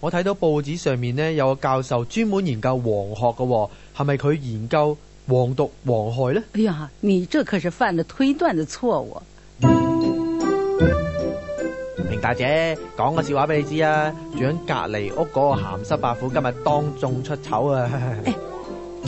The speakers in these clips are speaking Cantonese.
我睇到報紙上面呢，有個教授專門研究黃學嘅，哦，係咪佢研究黃毒黃害咧？哎呀，你這可是犯了推斷的錯誤。明大姐，講個笑話俾你知啊！住喺隔籬屋嗰個鹹濕白虎今日當眾出醜啊！哈哈哎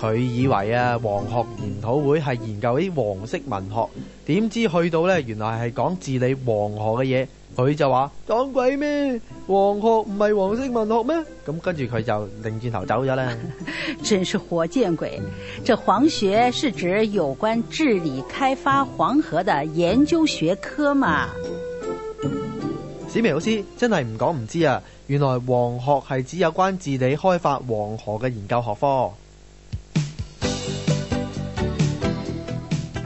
佢以為啊，黃學研討會係研究啲黃色文學，點知去到呢，原來係講治理黃河嘅嘢。佢就話：講鬼咩？黃河黃學唔係黃色文學咩？咁跟住佢就擰轉頭走咗啦。真是活見鬼！這黃學是指有關治理開發黃河的研究學科嘛？嗯嗯、史苗老師真係唔講唔知啊，原來黃學係指有關治理開發黃河嘅研究學科。